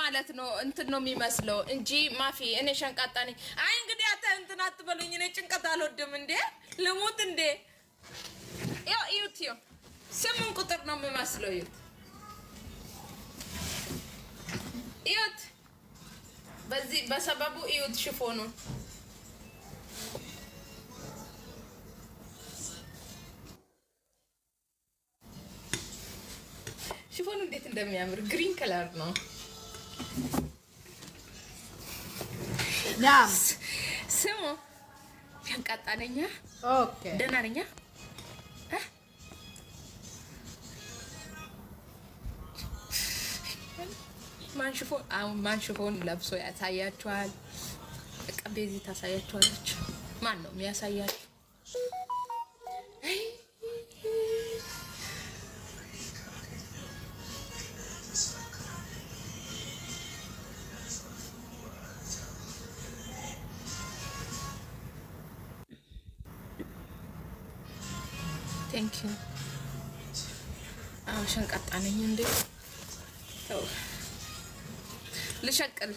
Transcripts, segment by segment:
ማለት ነው እንትን ነው የሚመስለው እንጂ ማፊ እኔ ሸንቃጣ ነኝ። አይ እንግዲህ አታ እንትን አትበሉኝ። እኔ ጭንቀት አልወድም። እንዴ ልሙት እንዴ ያው እዩት፣ ዮ ስምን ቁጥር ነው የሚመስለው። እዩት፣ እዩት፣ በዚህ በሰበቡ እዩት ሽፎኑ ሽፎኑ እንዴት እንደሚያምር ግሪን ከለር ነው። ስሙ ያንቃጣለኛ። ደህና ነኝ። ማንሽፎን ለብሶ ያሳያችኋል። ቀቤዚ ታሳያችኋለች። ማን ነው የሚያሳያችሁ? ቴንኪው። አዎ ሸንቀጣ ነኝ እንዴ? ልሸቅል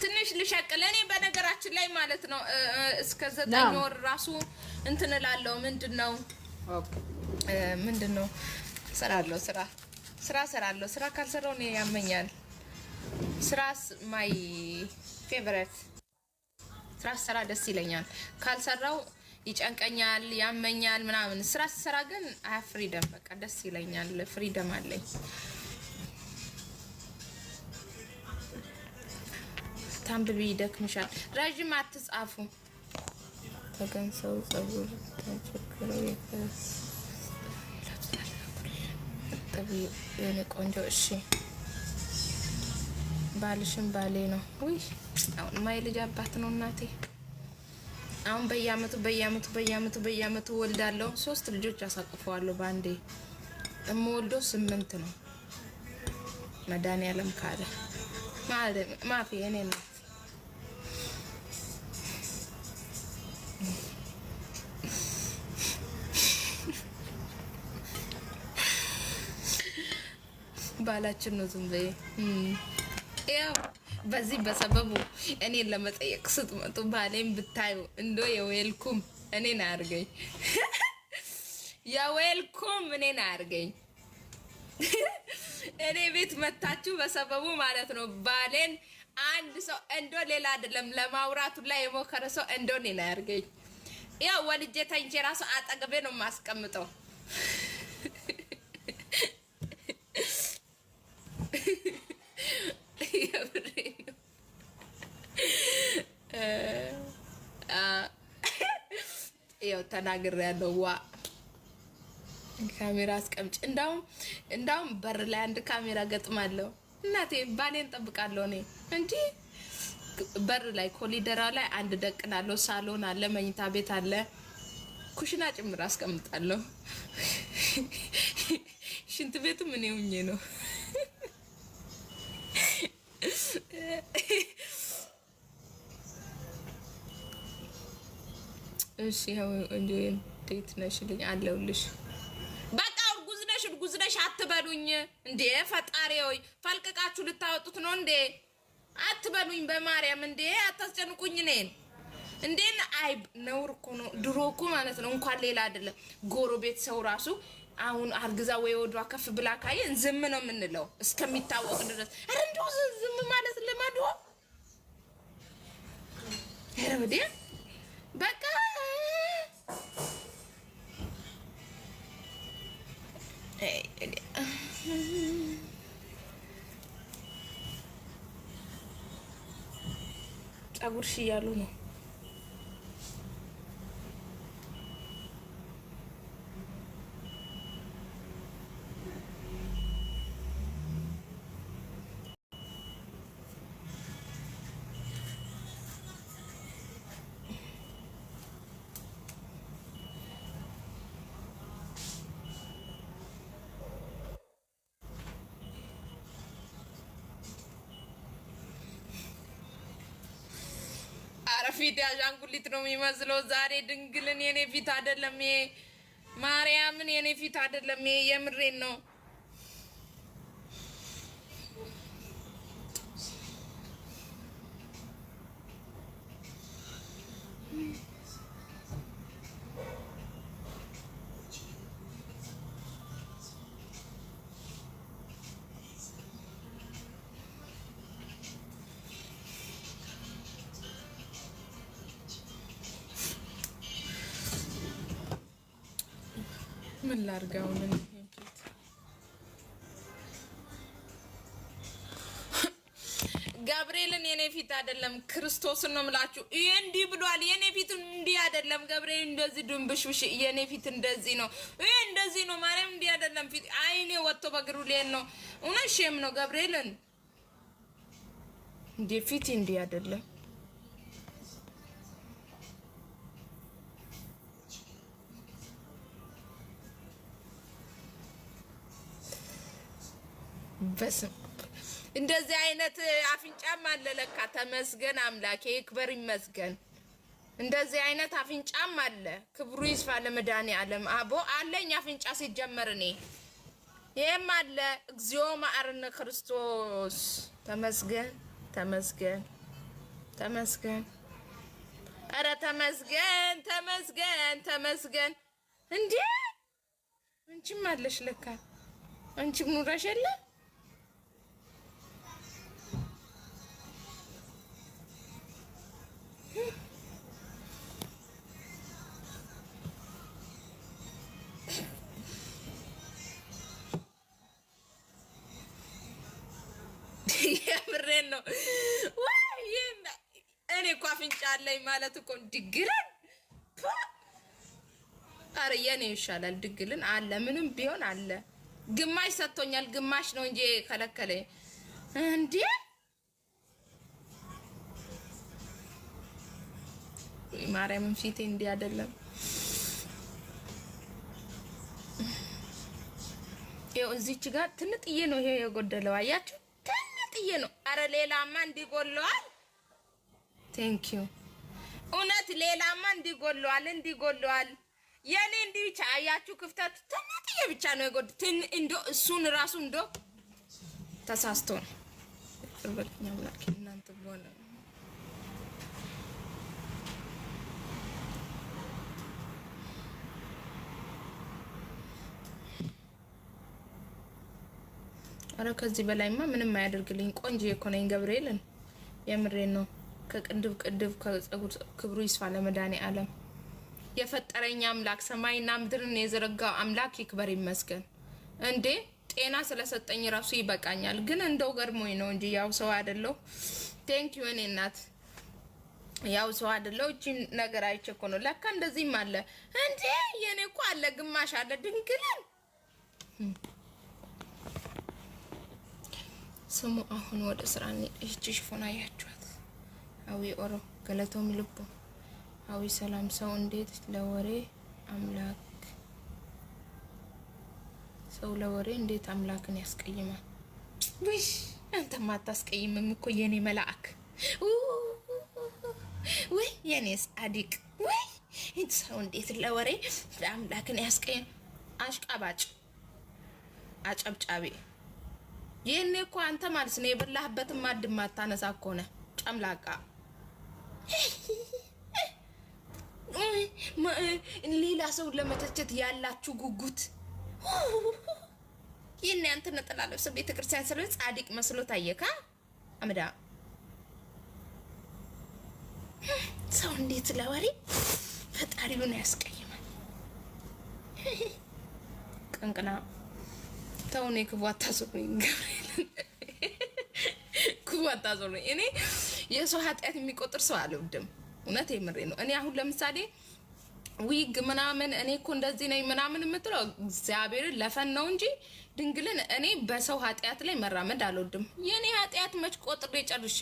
ትንሽ ልሸቅል። እኔ በነገራችን ላይ ማለት ነው እስከ ዘጠኝ ወር ራሱ እንትን እላለሁ። ምንድን ነው ምንድን ነው እሰራለሁ፣ ስራ ስራ እሰራለሁ። ስራ ካልሰራው እኔ ያመኛል። ስራስ ማይ ፌቨረት ስራ ሰራ ደስ ይለኛል። ካልሰራው ይጨንቀኛል፣ ያመኛል ምናምን። ስራ ስሰራ ግን አያ ፍሪደም በቃ ደስ ይለኛል። ፍሪደም አለኝ። ታንብቢ ይደክምሻል። ረዥም አትጻፉ። ተገን ሰው ጸጉር ተቸግረው የሆነ ቆንጆ እሺ ባልሽም ባሌ ነው። ውይ አሁን ማይ ልጅ አባት ነው እናቴ አሁን በየአመቱ በየአመቱ በየአመቱ በየአመቱ ወልዳለሁ። ሶስት ልጆች አሳቅፈዋለሁ በአንዴ። እምወልደው ስምንት ነው። መድኃኒዓለም ካለ ማፊ እኔ ነው ባላችን ነው ዝም ያው በዚህ በሰበቡ እኔን ለመጠየቅ ስትመጡ ባሌም ብታዩ እንዶ የዌልኩም እኔን አያርገኝ፣ የዌልኩም እኔን አያርገኝ። እኔ ቤት መታችሁ በሰበቡ ማለት ነው። ባሌን አንድ ሰው እንዶ ሌላ አይደለም ለማውራቱ ላይ የሞከረ ሰው እንዶ እኔን አያርገኝ። ያው ወልጄ ተኝቼ ራሱ አጠገቤ ነው የማስቀምጠው። ያው eh, ah. ተናግር ያለው ዋ ካሜራ አስቀምጭ። እንዳውም እንዳውም በር ላይ አንድ ካሜራ ገጥማለሁ። እናቴ ባሌን ጠብቃለሁ እኔ እንጂ በር ላይ ኮሊደራ ላይ አንድ ደቅናለሁ። ሳሎን አለ፣ መኝታ ቤት አለ፣ ኩሽና ጭምር አስቀምጣለሁ። ሽንት ቤቱ ምን ነው እሺ ያው እንዴት ነሽ ልኝ አለውልሽ። በቃ እርጉዝ ነሽ እርጉዝ ነሽ አትበሉኝ እንዴ! ፈጣሪ ሆይ ፈልቅቃችሁ ልታወጡት ነው እንዴ? አትበሉኝ በማርያም እንዴ! አታስጨንቁኝ እኔን እንዴን። አይ ነውር እኮ ነው። ድሮ እኮ ማለት ነው እንኳን ሌላ አይደለም ጎረቤት ሰው ራሱ አሁን አርግዛ ወይ ወዷ ከፍ ብላ ካየን ዝም ነው የምንለው እስከሚታወቅ ድረስ። ኧረ እንደው ዝም ማለት ልመዶ ኧረ ወዲያ በቃ ጸጉርሽ እያሉ ነው ፊት ያሻንጉሊት ነው የሚመስለው ዛሬ። ድንግልን የኔ ፊት አይደለም ይሄ፣ ማርያምን የኔ ፊት አይደለም ይሄ፣ የምሬን ነው። ምን ላድርገው? ምን ገብርኤልን የኔ ፊት አይደለም፣ ክርስቶስን ነው የምላችሁ። ይሄ እንዲህ ብሏል። የኔ ፊት እንዲህ አይደለም። ገብርኤል እንደዚህ ድንብሽብሽ፣ የኔ ፊት እንደዚህ ነው። ይሄ እንደዚህ ነው። ማርያም እንዲህ አይደለም። ፊት አይኔ ወጥቶ በግሩ ሌል ነው። እውነት ሼም ነው። ገብርኤልን እንዲህ ፊት እንዲህ አይደለም በስም እንደዚህ አይነት አፍንጫም አለ ለካ። ተመስገን አምላኬ ክበር ይመስገን። እንደዚህ አይነት አፍንጫም አለ። ክብሩ ይስፋ ለመድኃኒዓለም አቦ አለኝ አፍንጫ ሲጀመር እኔ ይህም አለ። እግዚኦ መሐረነ ክርስቶስ። ተመስገን ተመስገን ተመስገን። ኧረ ተመስገን ተመስገን ተመስገን። እንዴ አንቺም አለሽ ለካ አንቺም ኑረሽ የለ አለኝ ማለት እኮ ድግልን ኧረ የኔ ይሻላል። ድግልን አለ ምንም ቢሆን አለ። ግማሽ ሰጥቶኛል፣ ግማሽ ነው እንጂ ከለከለ እንዴ ማርያምን ፊቴ እንዲህ አይደለም። ይኸው እዚች ጋር ትንጥዬ ነው ይሄ የጎደለው አያችሁ፣ ትንጥዬ ነው። አረ ሌላማ እንዲጎለዋል። ቴንኪዩ ሌላማ እንዲጎለዋል እንዲጎለዋል የኔ እንዲህ ቻያችሁ ክፍተት ትንትዬ ብቻ ነው የጎዱት። እንዶ እሱን ራሱ እንዶ ተሳስቶ ነው እናንተ አረ ከዚህ በላይማ ምንም አያደርግልኝ። ቆንጆ የኮነኝ ገብርኤልን የምሬን ነው። ከቅንድብ ቅንድብ ከጸጉር ክብሩ ይስፋ ለመድኃኔ ዓለም የፈጠረኝ አምላክ ሰማይና ምድርን የዘረጋው አምላክ ይክበር ይመስገን። እንዴ ጤና ስለሰጠኝ ራሱ ይበቃኛል። ግን እንደው ገርሞኝ ነው እንጂ ያው ሰው አይደለሁ። ቴንክ ዩ እኔ እናት ያው ሰው አይደለሁ። እቺ ነገር አይቼ እኮ ነው ለካ እንደዚህም አለ እንዴ የኔ እኮ አለ ግማሽ አለ ድንግልን ስሙ አሁን ወደ ስራ እቺ ሽፎን አያችኋት አዊ ኦሮ ገለቶም ልቦ አዊ ሰላም ሰው እንዴት ለወሬ አምላክ ሰው ለወሬ እንዴት አምላክን ያስቀይማል? ውይ አንተ ማታስቀይምም እኮ የኔ መልአክ፣ ወይ የኔ ጻድቅ፣ ወይ ሰው እንዴት ለወሬ አምላክን ያስቀይም። አሽቃባጭ አጨብጫቢ፣ ይህኔ እኮ አንተ ማለት ነው የበላህበትን ማድማታነሳ ኮነ ጨምላቃ ሌላ ሰውን ለመተቸት ያላችሁ ጉጉት ይህን ያንተ ነጠላ ለብሰ ቤተ ክርስቲያን ስለ ጻድቅ መስሎ ታየካ አምዳ ሰው እንዴት ለወሬ ፈጣሪውን ያስቀይማል። ቀንቅና ተውን የክቡ አታዞር ገብርኤል ክቡ አታዞር እኔ የሰው ኃጢአት የሚቆጥር ሰው አልወድም። እውነት የምሬ ነው። እኔ አሁን ለምሳሌ ዊግ ምናምን እኔ እኮ እንደዚህ ነኝ ምናምን የምትለው እግዚአብሔርን ለፈን ነው እንጂ ድንግልን እኔ በሰው ኃጢአት ላይ መራመድ አልወድም። የእኔ ኃጢአት መች ቆጥሬ ጨርሼ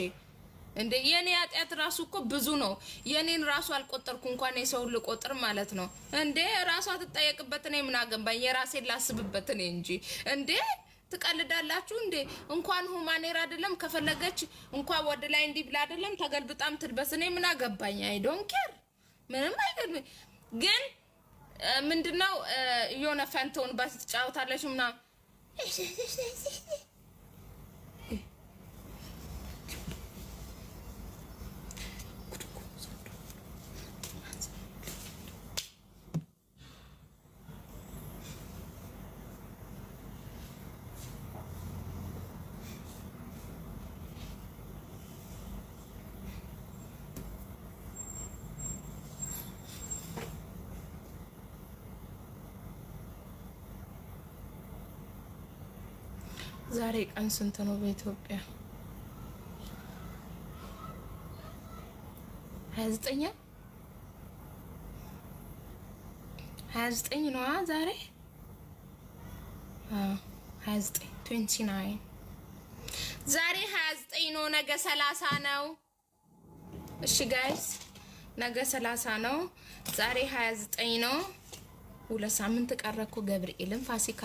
እንደ የኔ ኃጢአት ራሱ እኮ ብዙ ነው። የኔን ራሱ አልቆጠርኩ እንኳን የሰው ልቆጥር ማለት ነው እንዴ። ራሷ ትጠየቅበት እኔ ምን አገባኝ? የራሴን ላስብበት እኔ እንጂ እንዴ ትቀልዳላችሁ እንዴ? እንኳን ሁማኔር አይደለም ከፈለገች እንኳን ወደ ላይ እንዲህ ብላ አይደለም ተገልብጣም ትልበስ። እኔ ምን አገባኝ? አይ ዶንት ኬር ምንም አይገርም። ግን ምንድነው የሆነ ፈንቶን ባስ ትጫወታለች ምናምን ዛሬ ቀን ስንት ነው? በኢትዮጵያ ሀያ ዘጠኝ ሀያ ዘጠኝ ነዋ። ዛሬ ሀያ ዘጠኝ ትዌንቲ ናይን ዛሬ ሀያ ዘጠኝ ነው። ነገ ሰላሳ ነው። እሺ ጋይስ ነገ ሰላሳ ነው። ዛሬ ሀያ ዘጠኝ ነው። ሁለት ሳምንት ቀረኩ ገብርኤልን ፋሲካ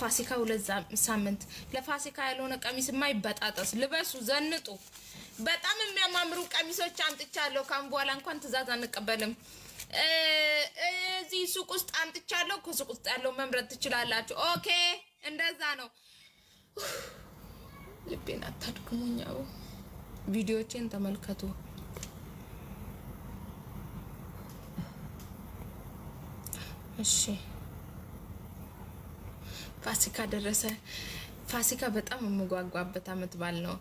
ፋሲካ ሁለት ሳምንት ለፋሲካ ያልሆነ ቀሚስ የማይበጣጠስ ልበሱ፣ ዘንጡ። በጣም የሚያማምሩ ቀሚሶች አምጥቻለሁ። ካሁን በኋላ እንኳን ትዕዛዝ አንቀበልም። እዚህ ሱቅ ውስጥ አምጥቻለሁ። ከሱቅ ውስጥ ያለው መምረጥ ትችላላችሁ። ኦኬ፣ እንደዛ ነው። ልቤን አታድክሙኝ። ቪዲዮቼን ተመልከቱ። እሺ ፋሲካ ደረሰ። ፋሲካ በጣም የምጓጓበት አመት በዓል ነው።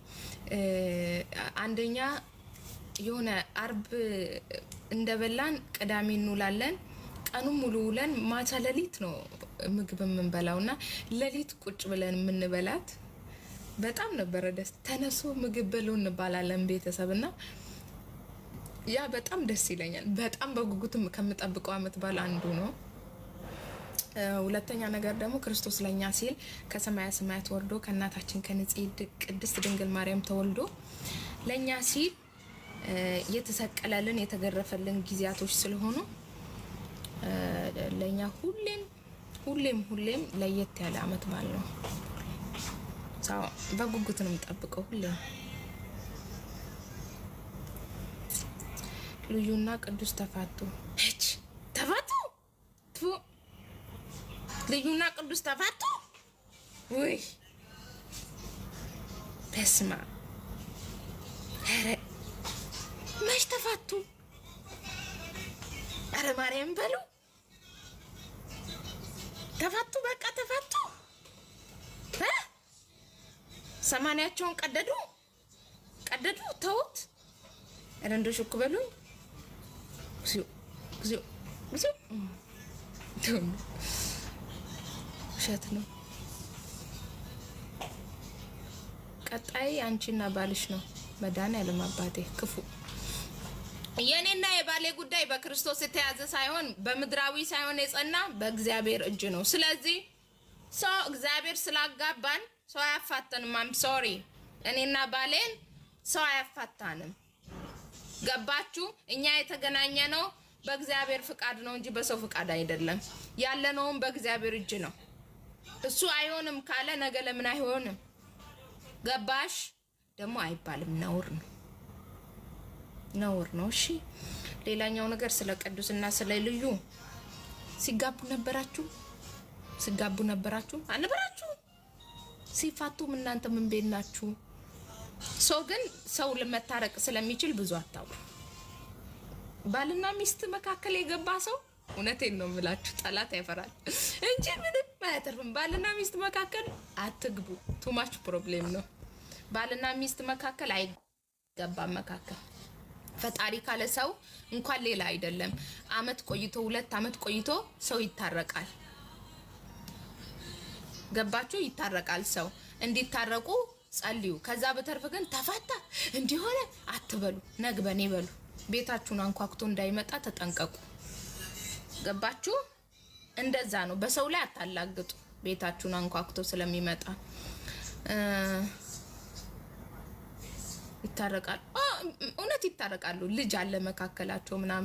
አንደኛ የሆነ አርብ እንደበላን ቅዳሜ እንውላለን። ቀኑም ሙሉ ውለን ማታ ለሊት ነው ምግብ የምንበላው እና ለሊት ቁጭ ብለን የምንበላት በጣም ነበረ ደስ ተነሶ ምግብ ብሎ እንባላለን ቤተሰብ እና ያ በጣም ደስ ይለኛል። በጣም በጉጉት ከምጠብቀው አመት በዓል አንዱ ነው። ሁለተኛ ነገር ደግሞ ክርስቶስ ለኛ ሲል ከሰማያ ሰማያት ወርዶ ከእናታችን ከንጽሕት ቅድስት ድንግል ማርያም ተወልዶ ለኛ ሲል የተሰቀለልን የተገረፈልን ጊዜያቶች ስለሆኑ ለኛ ሁሌም ሁሌም ሁሌም ለየት ያለ አመት በዓል ነው። በጉጉት ነው የምጠብቀው። ሁሌም ልዩና ቅዱስ ተፋቱ ልዩና ቅዱስ ተፋቱ። ውይ በስማ ኧረ መች ተፋቱ? ኧረ ማርያም በሉ ተፋቱ። በቃ ተፋቱ። ሰማንያቸውን ቀደዱ ቀደዱ። ተውት። ኧረ እንደው በሉ። እግዚኦ እግዚኦ እግዚኦ ውሸት ነው። ቀጣይ አንቺና ባልሽ ነው። መድኃኒዓለም አባቴ ክፉ የእኔና የባሌ ጉዳይ በክርስቶስ የተያዘ ሳይሆን በምድራዊ ሳይሆን የጸና በእግዚአብሔር እጅ ነው። ስለዚህ ሰው እግዚአብሔር ስላጋባን ሰው አያፋተንም። አም ሶሪ እኔና ባሌን ሰው አያፋታንም። ገባችሁ? እኛ የተገናኘ ነው በእግዚአብሔር ፍቃድ ነው እንጂ በሰው ፍቃድ አይደለም። ያለነውም በእግዚአብሔር እጅ ነው። እሱ አይሆንም ካለ ነገ ለምን አይሆንም? ገባሽ? ደግሞ አይባልም። ነውር ነው፣ ነውር ነው። እሺ፣ ሌላኛው ነገር ስለ ቅዱስና ስለ ልዩ ሲጋቡ ነበራችሁ፣ ሲጋቡ ነበራችሁ፣ አልነበራችሁ? ሲፋቱም እናንተ ምን ቤት ናችሁ? ሰው ግን ሰው ለመታረቅ ስለሚችል ብዙ አታውሩ። ባልና ሚስት መካከል የገባ ሰው እውነቴን ነው የምላችሁ ጠላት ያፈራል እንጂ ምንም አያተርፍም። ባልና ሚስት መካከል አትግቡ። ቱማች ፕሮብሌም ነው። ባልና ሚስት መካከል አይገባም። መካከል ፈጣሪ ካለ ሰው እንኳን ሌላ አይደለም፣ አመት ቆይቶ ሁለት አመት ቆይቶ ሰው ይታረቃል። ገባችሁ? ይታረቃል። ሰው እንዲታረቁ ጸልዩ። ከዛ በተርፍ ግን ተፋታ እንዲሆነ አትበሉ። ነግበኔ በሉ። ቤታችሁን አንኳኩቶ እንዳይመጣ ተጠንቀቁ። ገባችሁ? እንደዛ ነው። በሰው ላይ አታላግጡ። ቤታችሁን አንኳኩቶ ስለሚመጣ ይታረቃሉ። እውነት ይታረቃሉ። ልጅ አለ መካከላቸው ምናምን